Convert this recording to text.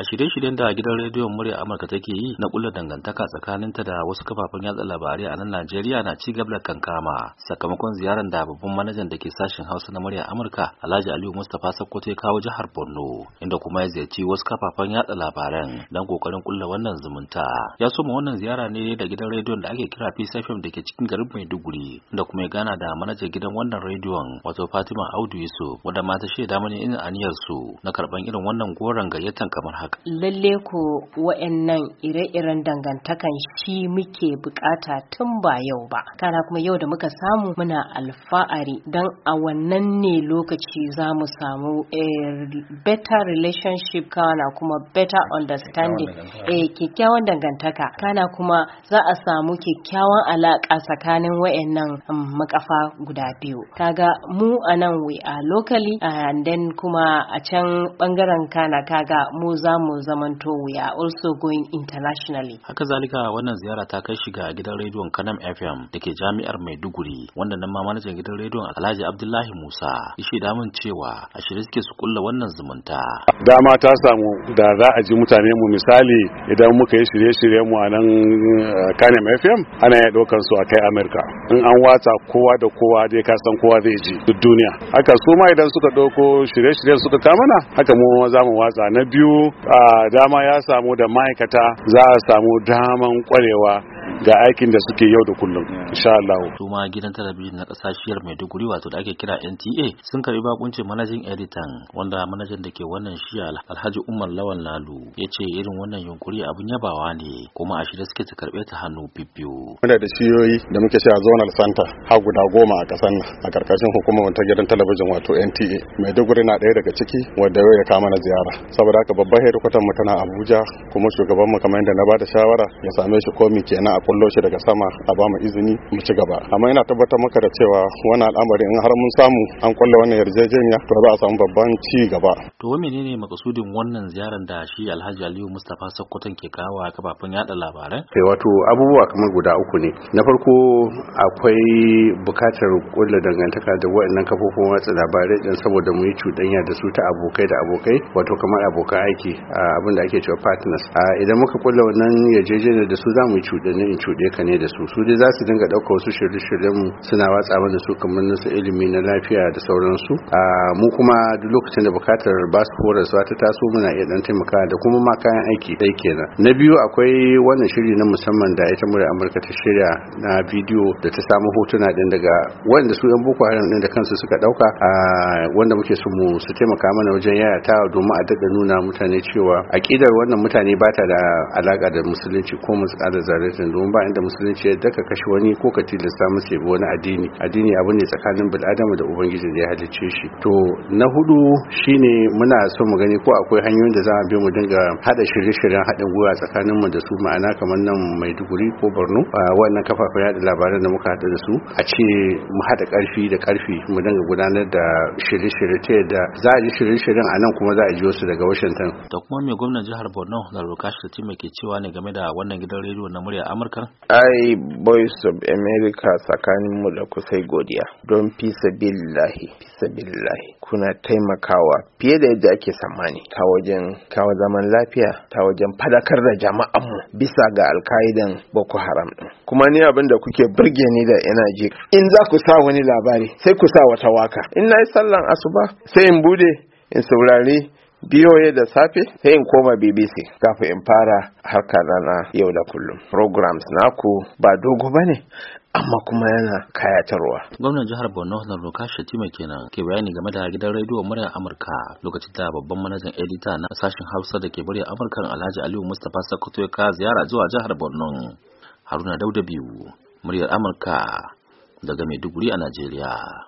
a shirye-shiryen da gidan rediyon murya amurka take yi na kulla dangantaka tsakaninta da wasu kafafen yatsa labarai a nan najeriya na ci gaba da kankama sakamakon ziyarar da babban manajan da ke sashen hausa na murya amurka alhaji aliyu mustapha sokoto ya kawo jihar borno inda kuma ya ziyarci wasu kafafen yatsa labaran don kokarin kulla wannan zumunta ya soma wannan ziyara ne da gidan rediyon da ake kira peace fm da ke cikin garin maiduguri inda kuma ya gana da manajan gidan wannan rediyon wato fatima audu yusuf wadda ma ta shaida mani irin aniyar su na karban irin wannan goron gayyatan kamar haka lalle ko wa'annan ire-iren dangantakan shi muke bukata tun ba yau ba kana kuma yau da muka samu muna alfa'ari don a wannan ne lokaci za mu samu A better relationship kana kuma better understanding kyakkyawan eh, dangantaka kana kuma za a samu kyakkyawan alaƙa tsakanin wa'annan um, makafa guda biyu kaga mu a nan we a locally and then kuma a can bangaren kana kaga mu za samun zamanto wuya also going internationally. Haka zalika wannan ziyara ta kai shiga gidan rediyon Kanam FM da ke jami'ar Maiduguri wanda nan ma manajan gidan rediyon Alhaji Abdullahi Musa ya shaida min cewa a shirye suke su kulla wannan zumunta. Dama ta samu da za a ji mutane mu misali idan muka yi shirye-shiryen mu a nan eh, Kanam FM ana iya ɗaukar su a kai Amerika. In an watsa kowa da kowa dai ka san kowa zai ji duk duniya. Haka su ma idan suka ɗauko shirye-shiryen suka kamana haka mu za mu watsa na biyu dama ya samu da ma'aikata za a samu daman kwarewa ga aikin da suke yau da kullum insha Allah to ma gidan talabijin na kasashiyar Maiduguri wato da ake kira NTA sun karbi bakuncin managing editan wanda manajan da ke wannan shiya Alhaji Umar Lawan Lalu yace irin wannan yunkuri abin yabawa ne kuma a shirye suke ta karbe ta hannu bibiyo muna da shiyoyi da muke shi a zonal santa har guda goma a kasan a karkashin hukumar ta gidan talabijin wato NTA Maiduguri na ɗaya daga ciki wanda yau ya kama na ziyara saboda haka babbar hedikwatar mu tana Abuja kuma shugaban mu kamar yadda na bada shawara ya same shi komi kenan a kullo shi daga sama a ba mu izini mu ci gaba amma ina tabbatar maka da cewa wannan al'amari in har mun samu an kulla wannan yarjejeniya to za a samu babban ci gaba to menene makasudin wannan ziyarar da shi Alhaji Aliyu Mustapha Sokoton ke kawo a kafafen yada labarai sai eh, wato abubuwa kamar guda uku ne na farko akwai bukatar kulla dangantaka da waɗannan kafofin watsa labarai din saboda mu yi cuɗanya da su ta abokai da abokai wato kamar abokan aiki abin da ake cewa partners idan muka kulla wannan yarjejeniya da su za mu yi cuɗanya in cuɗe ka ne da su su dai za su dinga ɗauka wasu shirye-shiryen suna watsa mana su kamar nasu ilimi na lafiya da sauransu a mu kuma duk lokacin da bukatar ba su horaswa ta taso muna iya ɗan taimakawa da kuma ma kayan aiki dai kenan na biyu akwai wannan shiri na musamman da ita murya amurka ta shirya na bidiyo da ta samu hotuna ɗin daga wanda su yan boko haram ɗin da kansu suka ɗauka. a wanda muke so mu su taimaka mana wajen ta domin a daɗa nuna mutane cewa aƙidar wannan mutane ba ta da alaƙa da musulunci ko musulunci da zaratin domin ba inda musulunci ya daka kashe wani ko ka tilasta musu yabi wani addini addini abu ne tsakanin bil'adama da ubangiji da ya halicce shi to na hudu shine muna so mu gani ko akwai hanyoyin da za a bi mu dinga hada shirye-shiryen haɗin gwiwa tsakanin mu da su ma'ana kamar nan maiduguri ko borno a wannan kafafen yada labaran da muka hada da su a ce mu haɗa ƙarfi da ƙarfi mu dinga gudanar da shirye-shirye ta yadda za a ji shirye-shiryen a nan kuma za a ji wasu daga washington da kuma mai gwamnan jihar borno da rukashi ke cewa ne game da wannan gidan rediyo na murya amurka amurka ai boys of america tsakaninmu da kusai godiya don fisa billahi fisa billahi kuna taimakawa fiye da yadda ake tsammani ta wajen kawo zaman lafiya ta wajen fadakar da jama'anmu bisa ga alka'idan boko haram din kuma ni abin da kuke burge ni da ina ji in za ku sa wani labari sai ku sa wata waka in na yi sallan asuba sai in bude in saurari BOA da safe sai in koma BBC kafin in fara harka na yau da kullum. Programs naku ba dogo ba ne, amma kuma yana kayatarwa. Gwamnan jihar Borno Honorable Shati mai kenan ke bayani game da gidan rediyo muryar Amurka lokacin da babban manajan edita na sashen Hausa da ke muryar Amurkan, Alhaji Aliyu Mustapha Sokoto ya ka ziyara zuwa jihar Borno. Haruna Dauda biyu muryar Amurka daga Maiduguri a Najeriya.